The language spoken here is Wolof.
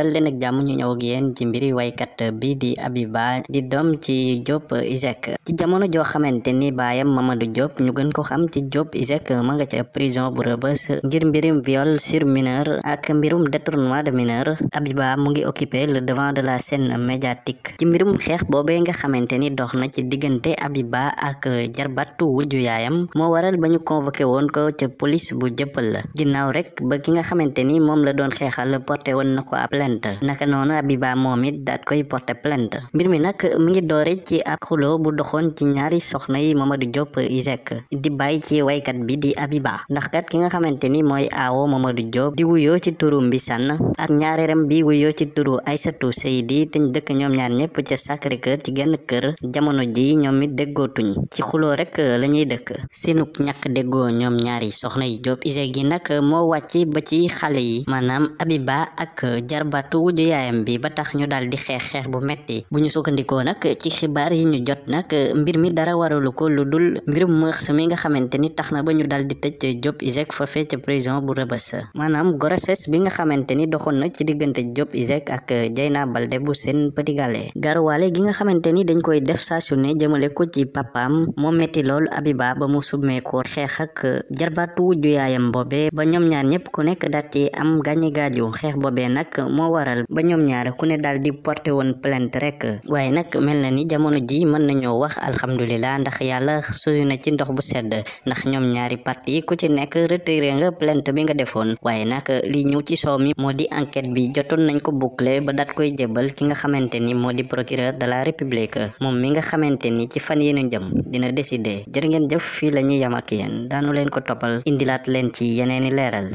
dal leen ak jàmm ñu ñëw ak yéen ci mbiri waykat bi di Habiba di doom ci Diop Iseg ci jamono joo xamante ni baayam Mamadou Diop ñu gën ko xam ci Diop Iseg ma nga ca prison bu Rebeuss ngir mbirim viol sur mineur ak mbirum détournement de mineur Habiba mu ngi occupé le devant de la seen médiatique ci mbirum xeex boobee nga xamante ni dox na ci diggante Habiba ak jarbatu wujju yaayam moo waral ba ñu convoqué woon ko ca police bu jëppal la doon xeexal plainte naka noonu Habiba moom it daat koy porter plainte ci ab xuloo bu doxoon ci ñaari soxna yi Mamadou di bàyyi ci waykat bi di Habiba ndax kat ki nga xamante ni mooy aawo Mamadou Diop di di wuyoo ci turu Mbissane ak ñaareeram bi wuyoo ci turu Aïssatou Seydi teñ dëkk ñoom ñaar ñëpp ca Sacré-Cœur ci genn kër jamono ji ñoom it déggootuñ ci xuloo rek lañuy ñuy dëkk sinuk ñàkk déggoo ñoom ñaari soxna yi Diop Iseg gi nag moo wàcc ba ci xale yi maanaam Habiba ak jarba ba tuuju yaayam bi tax ñu daal di xeex xeex bu metti bu ñu sukkandikoo nag ci xibaar yi ñu jot nag mbir mi dara waralu ko lu dul mbirum mërs mi nga xamante ni tax na ba ñu daal di tëj Diop Iseg fa fee ca prison bu Rebeuss maanaam grossesse bi nga xamante ni doxoon na ci diggante Diop Iseg ak Dieyna Baldé bu Sen Petit Gallé garuwaale gi nga xamante ni dañ koy def saa su ne jëmale ko ci papam moo metti lool Abiba ba mu summeekoo xeex ak jarbaatu ju yaayam boobee ba ñoom ñaar ñëpp ku nekk daal ci am gaañi gaaju xeex boobee nag moo waral ba ñoom ñaar ku ne daal di porté woon plainte rek waaye nag mel na ni jamono ji mën nañoo wax alhamdulilah ndax yàlla suyu na ci ndox bu sedd ndax ñoom ñaari parti ku ci nekk retiré nga plainte bi nga defoon waaye nag li ñëw ci soow mi moo di enquête bi jotoon nañ ko boucler ba daat koy jébal ki nga xamante ni moo di procureur de la république moom mi nga xamante ni ci fan yéenu jëm dina décider jërë ngeen jëf fii la ñuy yam ak yéen daanu leen ko toppal indilaat leen